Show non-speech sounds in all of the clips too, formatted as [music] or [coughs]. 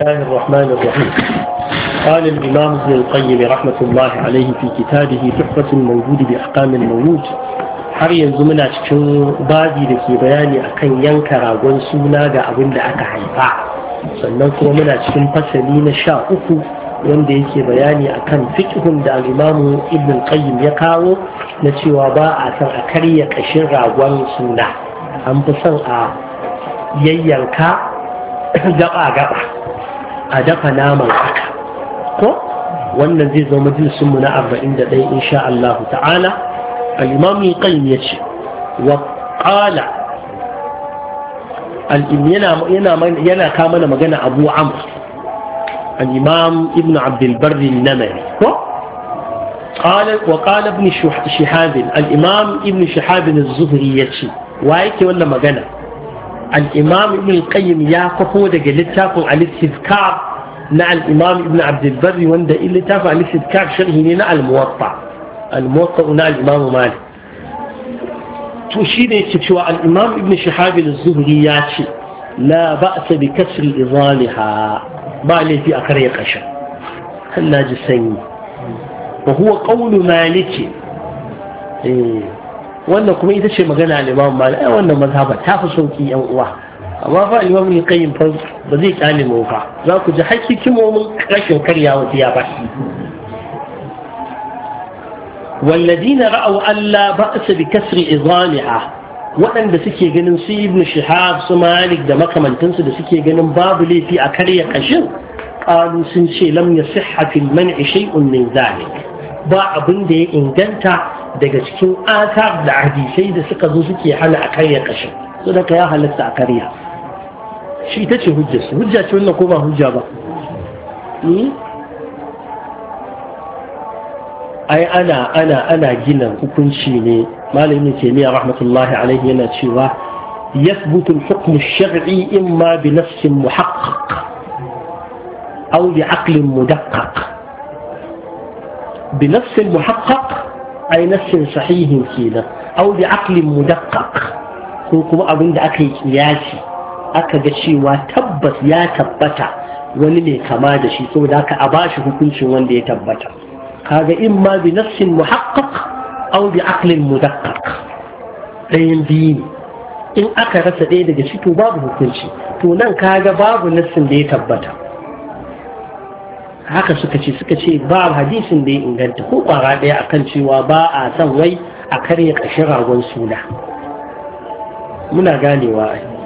الله الرحمن الرحيم قال الإمام ابن القيم رحمة الله عليه في كتابه تحفة المولود بأحكام المولود har yanzu muna cikin babi da ke bayani akan yanka ragon suna ga abin da aka haifa sannan kuma muna cikin fasali na sha uku wanda yake bayani akan fiqhun da al-imamu ibn qayyim ya kawo na cewa ba a san a karya kashin ragon suna an fi son a yayyanka gaba gaba a dafa naman haka ko wannan zai zama mu na 41 insha Allah ta'ala al-imam qayyim yace wa qala yana yana yana ka mana magana Abu Amr al-imam Ibn Abd al-Barr al-Namari ko قال وقال ابن شهاب الإمام ابن شهاب الزهري يتشي وايك ولا مغنى الإمام ابن القيم يا قفو دقى لتاكم على الاستذكار na al-imam ibn abd al wanda in littafi al-istidkar sharhi ne na al-muwatta al-muwatta na al'imamu imam malik to shine yake cewa al-imam ibn shihab zuhri ya ce la a bi kasr al-izaliha ba laifi a karya kashin Allah ji sanyi ba huwa qawlu maliki eh, wannan kuma ita ce magana al-imam malik ai eh, wannan mazhaba ta fi sauki yan uwa amma fa imam ne kayin fa ba zai kyale mu fa za ku ji hakikimomin rashin karya wasu ya ba والذين رأوا ألا بأس بكسر إظامها waɗanda suke ganin su ibn shihab su malik da makamantansu da suke ganin babu laifi a karya kashin ƙalu sun ce lam ya sihha fil man'i shay'un min zalik ba abin da ya inganta daga cikin atar da hadisai da suka zo suke hana a karya kashin so da ya halatta a karya shi ita ce hujjar su hujja ce wannan ko ba hujja ba ai ana ana ana gina hukunci ne malamin taymiya rahmatullahi alaihi yana cewa يثبت الحكم الشرعي إما بنفس محقق أو بعقل مدقق بنفس محقق أي نفس صحيح كينا أو بعقل مدقق كما أبن أكل قياسي aka ga cewa tabbas ya tabbata wani ne kama da shi saboda haka a bashi hukuncin wanda ya tabbata kaga in ma bi nafsin muhaqqaq aw bi aqlin mudaqqaq ɗayan biyu ne in aka rasa ɗaya daga shi to babu hukunci to nan kaga babu nassin da ya tabbata haka suka ce suka ce ba hadisin da ya inganta ko kwara ɗaya a kan cewa ba a san wai a karya ƙashin ragon suna muna ganewa ai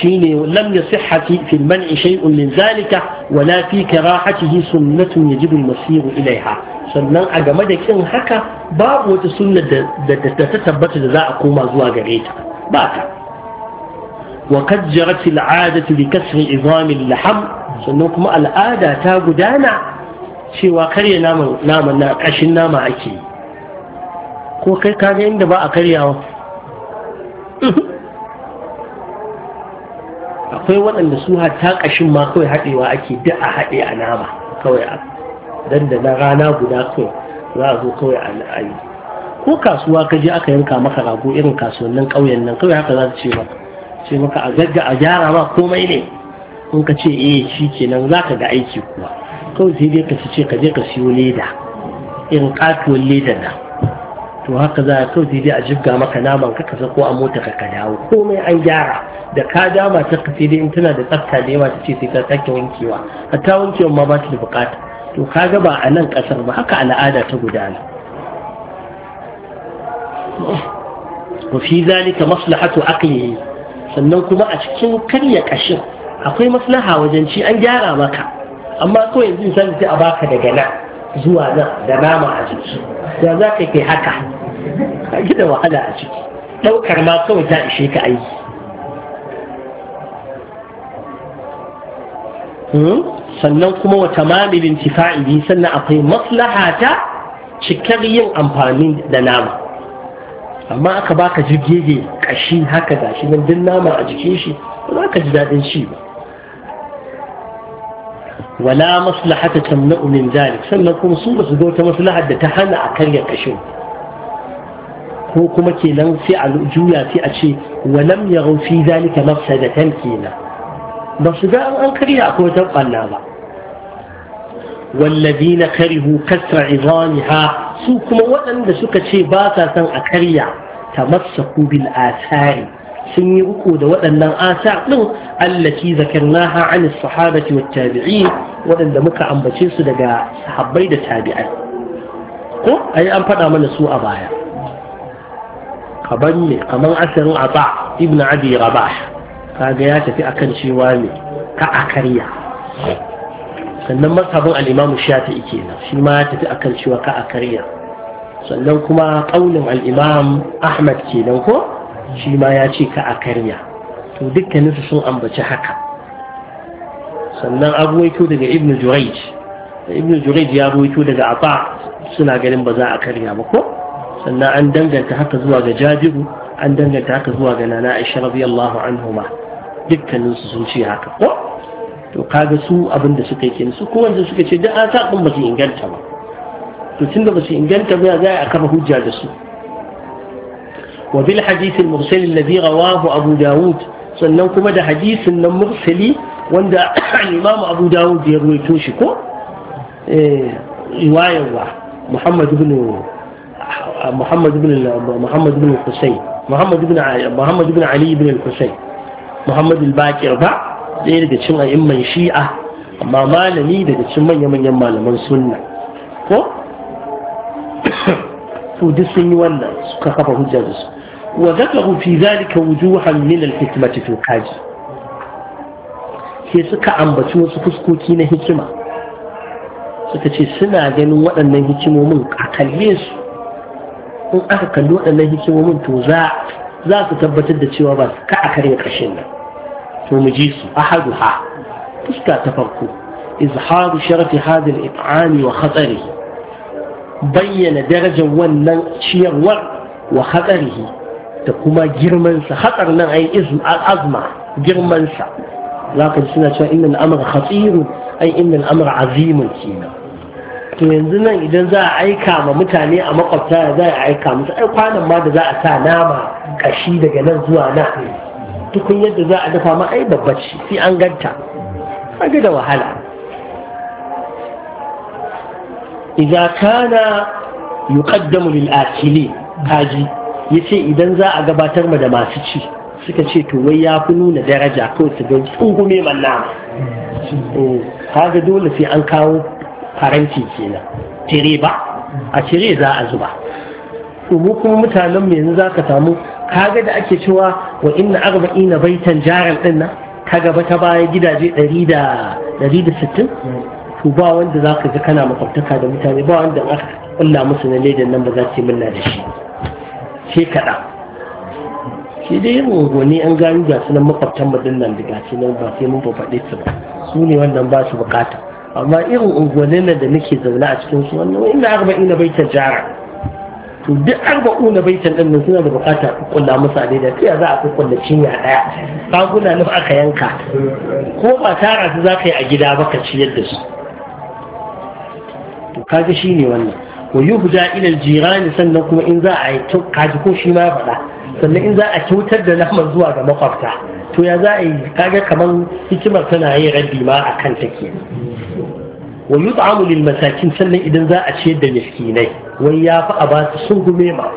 شيني لم يصح في المنع شيء من ذلك ولا في كراحته سنة يجب المسير إليها sannan a game da kin haka babu wata sunna da ta tabbata da za a koma zuwa gare ta ba ta wa kajjarat al'adatu bi kasri izamil laham sannan kuma al'ada ta gudana cewa karya naman naman na kashin nama ake ko kai ka ga inda ba a karyawa [laughs] akwai waɗanda su ta ƙashin ma kawai haɗewa ake duk a haɗe a nama kawai a dan da na rana guda kawai za a zo kawai a yi ko kasuwa ka je aka yanka maka rago irin kasuwannin ƙauyen nan kawai haka za su ce maka a gagga a gyara ma komai ne in ka ce eh shi kenan za ka ga aiki kuwa kawai sai dai ka ce ka je ka siyo leda irin katuwar leda na to haka za a kawo sai dai a jibga maka naman ka kasa ko a mota ka ka dawo komai an gyara da ka dama ta ka dai in tana da tsafta da yawa ta ce sai ta sake wankewa hatta wankewan ma ba ta da bukata to ka ga ba a nan kasar ba haka al'ada ta gudana wa fi zalika maslahatu aqli sannan kuma a cikin karya kashin akwai maslaha wajen ci an gyara maka amma kawai yanzu sai a baka daga nan zuwa nan da nama a jiki ya za ka kai haka a gida wahala a ciki ɗaukar ma kawai ta ishe ka aiki hmm? sannan kuma wata tamamilin tifa'ibi sannan akwai maslaha ta cikar yin amfani da nama amma aka baka jirgege kashi haka gashi nan din nama a jikin shi ba za ka ji daɗin shi ba wala maslaha tamna'u min zalik sannan kuma su ba su ga da ta hana a karya kashin ko kuma kenan sai a juya sai a ce walam ya fi zalika mafsadatan ba su ga an karya akwai wata ɓanna ba والذين كرهوا كسر عظامها سوكما وأن سوكا شي باسا سن أكريا تمسكوا بالآثار سنيركوا دا وأن الآثار التي ذكرناها عن الصحابة والتابعين waɗanda muka ambace su daga sahabbai da tabi'ai ko ai an faɗa mana su a baya kaban ne kaman a aba ibn abi rabah kaga ya tafi akan cewa ne ka a karya sannan mazhabin al-imam shafi'i kenan shi ma ya tafi akan cewa ka a karya sannan kuma kaulin al-imam ahmad kenan ko shi ma ya ce ka a karya to dukkaninsu sun ambaci haka sannan an ruwaito daga ibn jurayj ibn jurayj ya ruwaito daga aba suna ganin ba za a karya ba ko sannan an danganta haka zuwa ga jabiru an danganta haka zuwa ga nana aisha radiyallahu anhuma dukkanin su sun ce haka ko to kaga su abin da suka yi su kowanne suka ce duk an sa ba su inganta ba to tunda ba su inganta ba za a kafa hujja da su وبالحديث المرسل الذي رواه أبو داود sannan kuma da hadisin nan mursali wanda [coughs] imamu abu dawud ya ruwaito shi ko eh, riwayarwa muhammad ibn muhammad ibn muhammad ibn husayn muhammad ibn muhammad ibn ali ibn husayn muhammad al-baqir ba ɗaya daga cikin a'imman shi'a amma malami daga cikin manya-manyan malaman sunna ko su [coughs] duk sun yi wannan suka kafa hujjar su wa zakaru fi zalika wujuhan min al-hikmati to kaji sai suka ambaci wasu fuskoki na hikima suka ce suna ganin waɗannan hikimomin a kalle su in aka kalli waɗannan hikimomin to za za su tabbatar da cewa ba su ka a karya ƙarshen nan to mu ji su hadu ha fuska ta farko izharu sharafi hadil it'ami wa khatsarihi bayyana darajar wannan ciyarwar wa khatsarihi da kuma girmansa hatsar nan ai azma girmansa za ka suna cewa inna al'amura khatiru ai inna al'amura azimun kenan to yanzu nan idan za a aika ma mutane a makwabta za a aika musu ai kwanan ma da za a sa nama kashi daga nan zuwa na tukun yadda za a dafa ma ai babba ce sai an ganta kaga da wahala idza kana yuqaddamu lil akili kaji yace idan za a gabatar ma da masu ci suka ce to wai ya fi nuna daraja ko su ga tsungume manna eh, kaga dole sai an kawo faranti kenan tire ba a tire za a zuba mu kuma mutanen me yanzu za ka samu kaga da ake cewa wa inna arba'ina baitan jaran din nan kaga ba ta baya gidaje 160 to ba wanda za ka ga kana makwabtaka da mutane ba wanda aka kulla musu na ledan nan ba za su yi da shi sai kaɗan shi dai yin gogoni an gani ga sunan makwabtan mudin nan da gashi nan ba sai mun faɗe su ba su ne wannan ba su bukata amma irin unguwannin nan da nake zaune a cikin su wannan wani na arba'in na ta jara to duk arba'u na baitar din nan suna da bukata a ƙulla musu a daidai ta za a kukkulla cinya ɗaya. baguna nan aka yanka ko ba tara su za ka yi a gida ba ka ciyar da su to shi ne wannan wa yuhda ila ilal jirani sannan kuma in za a yi to kaji ko shi ma faɗa sannan in za a kyautar da naman zuwa ga makwabta to ya za a yi kaga kamar hikimar tana yi rabbi ma a kan take wa yut'amu lil masakin sannan idan za a ciyar da miskinai wai ya fa a ba su sun gume ma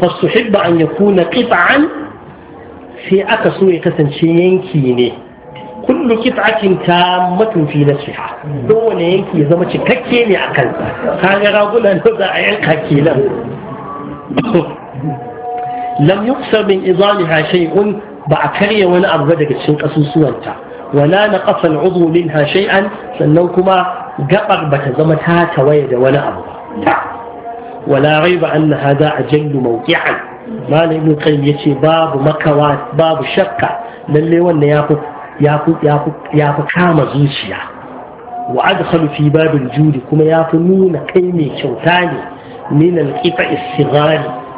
fasuhibba an yakuna qit'an sai aka so ya kasance yanki ne kullu qit'atin tammatun fi nafsiha kowane yanki ya zama cikakke ne a kansa kaga ragunan da za a yanka kenan lam yuqsar min izamiha shay'un ba a karya wani abu ba daga cikin kasusuwanta wala kasan al'udhu minha shay'an sannan kuma gabar bata zama ta tawaye da wani abu wala raiba anna hada ajallu mawqi'an malam ibn qayyim yace babu makawa babu shakka lalle wannan yafi fi kama zuciya wa adkhalu fi babil judi kuma yafi nuna kai mai kyauta ne min al-qifa is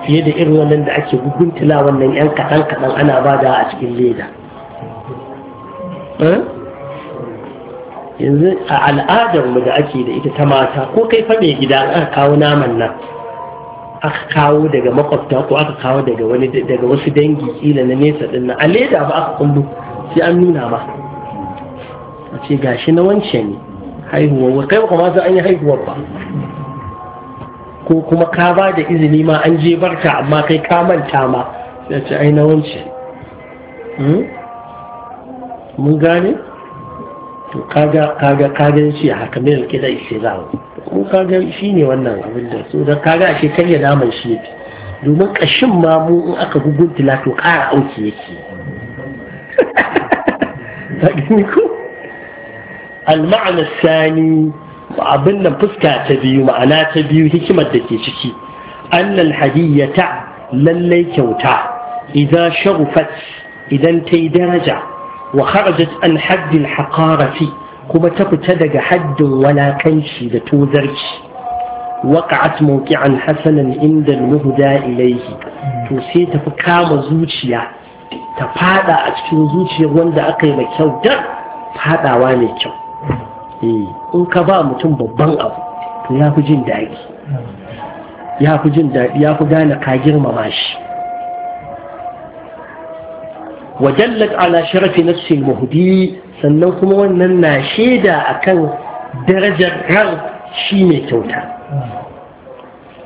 fiye da irin wannan da ake guguntila wannan yan kaɗan kaɗan ana ba da a cikin leda eh? yanzu a al'adar mu da ake da ita ta mata ko kai faɗe gida aka kawo naman nan aka kawo daga makwabta ko aka kawo daga wasu dangi kila na nesa ɗin nan a leda ba aka kundu sai an nuna ba a ce gashi na wance ne haihuwa kai ba kuma an yi haihuwar ba ko kuma ka ba da izini ma an je barka amma kai ka manta ma sai ce ai wance hmm? mun gane to kaga kaga kaga shi haka mai rike da ishe zawo ko kaga shi ne wannan abin da so dan kaga ake kanya ya naman shi ne domin kashin ma mu in aka guguntula to kara auki yake ta [laughs] gani ko al-ma'ana sani abin nan fuska ta biyu ma'ana ta biyu hikimar da ke ciki annal hadiyata lallai kyauta idan sharufat idan ta yi daraja wa kharajat an haddin haƙarafi kuma ta fita daga haddin walakanci da tozarci waƙa'at mawqi'an hasanan inda al-muhda ilayhi to sai ta fi kama zuciya ta fada a cikin zuciyar wanda aka yi mai kyau dan fadawa mai kyau in ka ba mutum babban abu to ya fi jin daɗi ya fi jin daɗi ya fi gane ka girmama shi wajallat ala sharafi nafsi mahudi sannan kuma wannan na shaida akan darajar ran shi mai kyauta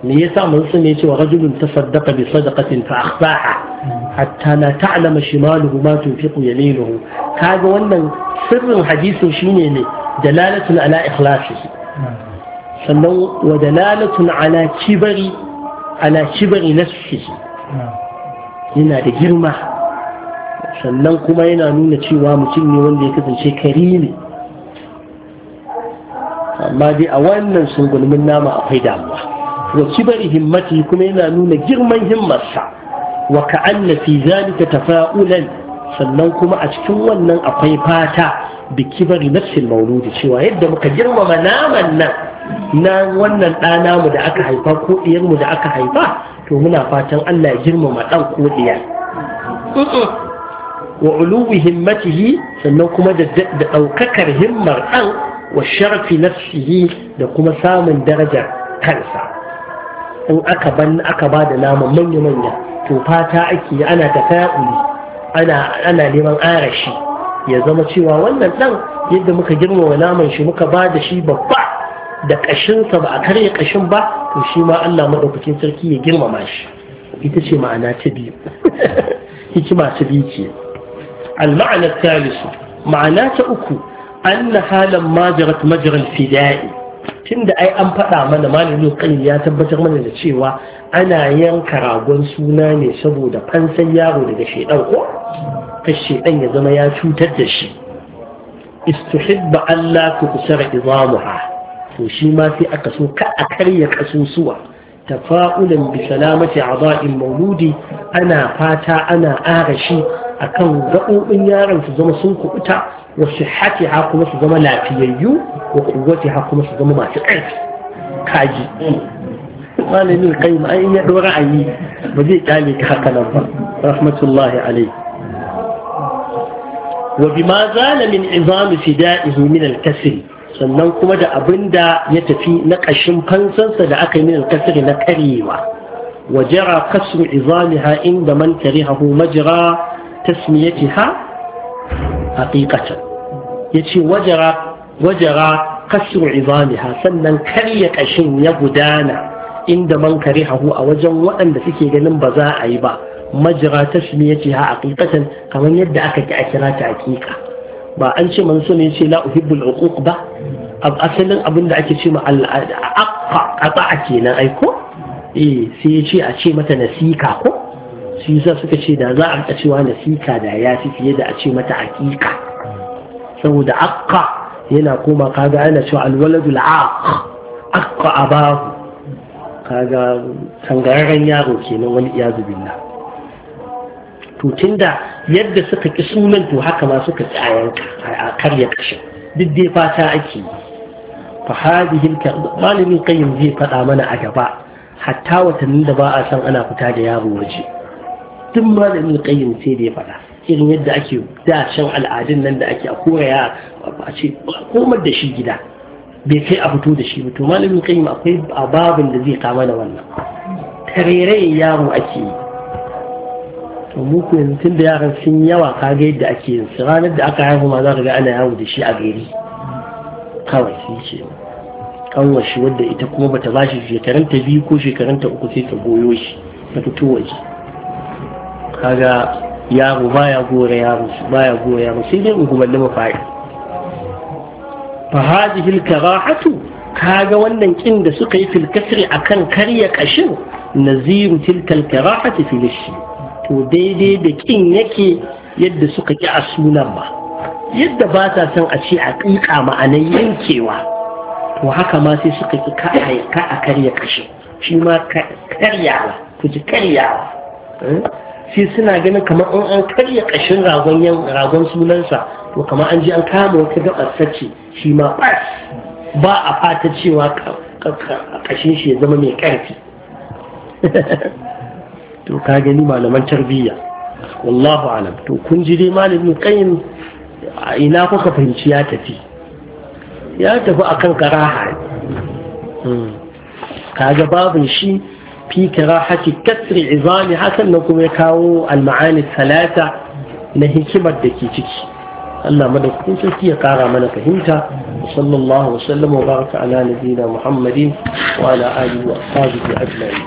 me yasa mun sune cewa rajulun tasaddaqa bi sadaqatin fa akhfaha hatta la ta'lama shimaluhu ma tunfiqu yaminuhu kaga wannan sirrin hadisin shine ne dalalatun ala ikhlasi sannan wa dalalatun ala kibari ala kibari nafsihi yana da girma sannan kuma yana nuna cewa mutum ne wanda ya kasance karimi amma dai a wannan sungulmin nama akwai damuwa wa kibari himmati kuma yana nuna girman himmarsa wa ka'anna fi zalika tafa'ulan sannan kuma a cikin wannan akwai fata Biki bari nafsil mauludi cewa yadda muka girmama naman nan na wannan ɗana da aka haifa ko da aka haifa to muna fatan Allah girmama ɗan ko ɗiyar wa uluwi himmatihi sannan kuma da ɗaukakar himmar ɗan wa sharafi nafsihi da kuma samun darajar kansa in aka ba da naman manya-manya to fata ake ana tafa'uli ana neman arashi ya zama cewa wannan ɗan yadda muka girmama naman shi muka ba da shi babba da ƙashinsa ba a karya ƙashin ba to shi ma Allah maɗaukakin sarki ya girmama shi ita ce ma'ana ta biyu [laughs] hikima ta biyu ce al-ma'ana ma'ana ta uku an halan majarat majral fida'i tunda ai an faɗa mana malamin kan ya tabbatar mana da cewa ana yanka ragon suna ne saboda fansan yaro daga shaidan ko kashe ɗan ya zama ya cutar da shi istuhibba Allah ku kusara izamuha to shi ma sai aka so ka a karya kasusuwa tafa'ulan bi salamati abain mauludi ana fata ana arashi akan gaɓoɓin yaron su zama sun kuɓuta wa ha kuma su zama lafiyayyu wa ha kuma su zama masu ƙarfi kaji malamin kai ma ai ya ɗora ayi ba zai kyale ka haka nan ba rahmatullahi alaihi wa bima zala min izamu fida'ihi min al sannan kuma da abin da ya tafi na ƙashin fansansa da aka yi min al-kasri na karyewa wa jara kasru izamiha inda man karihahu majra tasmiyatiha haqiqatan yace wajara wajara kasru izamiha sannan karya ƙashin ya gudana inda man karihahu a wajen waɗanda suke ganin ba za a yi ba majira ce ha aqiqatan kamar yadda aka ki a kira ta aqiqa ba an ce manzo ne yace la uhibbul uquq ba asalin abin da ake ce ma a kenan ai ko eh sai yace a ce mata nasika ko shi yasa suka ce da za a ka cewa nasika da ya fi fiye da a ce mata aqiqa saboda aqqa yana koma kaga ana cewa alwaladul aq aqqa abahu kaga tangararren yaro kenan wani iyazu billah to tunda yadda suka ki sunan to haka ma suka ci a yanka a karya kashin duk dai fata ake yi fa hadihi malamin qayyim zai faɗa mana a gaba hatta watannin da ba a san ana fita da yaro waje duk malamin qayyim sai da ya faɗa irin yadda ake da shan al'adun nan da ake a koya a ce komar da shi gida bai kai a fito da shi ba to malamin qayyim akwai ababin da zai kama da wannan tarerayen yaro ake yi to mu ku yanzu tun da yaran sun yawa kaga yadda ake yin su ranar da aka haihu ma za ka ga ana yawo da shi a gari kawai sun ce kawai shi wadda ita kuma bata ba shi ta biyu ko ta uku sai ta goyo shi ta fito waje kaga yaro baya gora yaro baya gora yaro sai dai Ba mafari fa hadhihi al-karahatu kaga wannan kin da suka yi fil kasri akan karya kashin naziru tilka al-karahati fil shi to daidai da ƙin yake yadda suka ƙi a sunan ba yadda ba sa son a ce a ƙiƙa ma'anar yankewa to haka ma sai suka ƙi ka a karya kashe shi ma karyawa ku ji karyawa hmm? sai suna ganin kamar in an karya ƙashin ragon ragon sunansa to kamar an ji an kama wata gabar sace shi ma ba a fata cewa ƙashin shi ya zama mai ƙarfi [laughs] to ka gani malaman tarbiyya wallahu alam to kun ji dai malamin kayin a ina kuka fahimci ya tafi ya tafi akan karaha hmm. ga babin shi fi karahati kasri izami hakan na kuma ya kawo al talata salata na hikimar da ke ciki Allah madaukakin sarki ya kara mana fahimta sallallahu wa sallam wa baraka ala nabiyina muhammadin wa ala alihi wa ashabihi ajma'in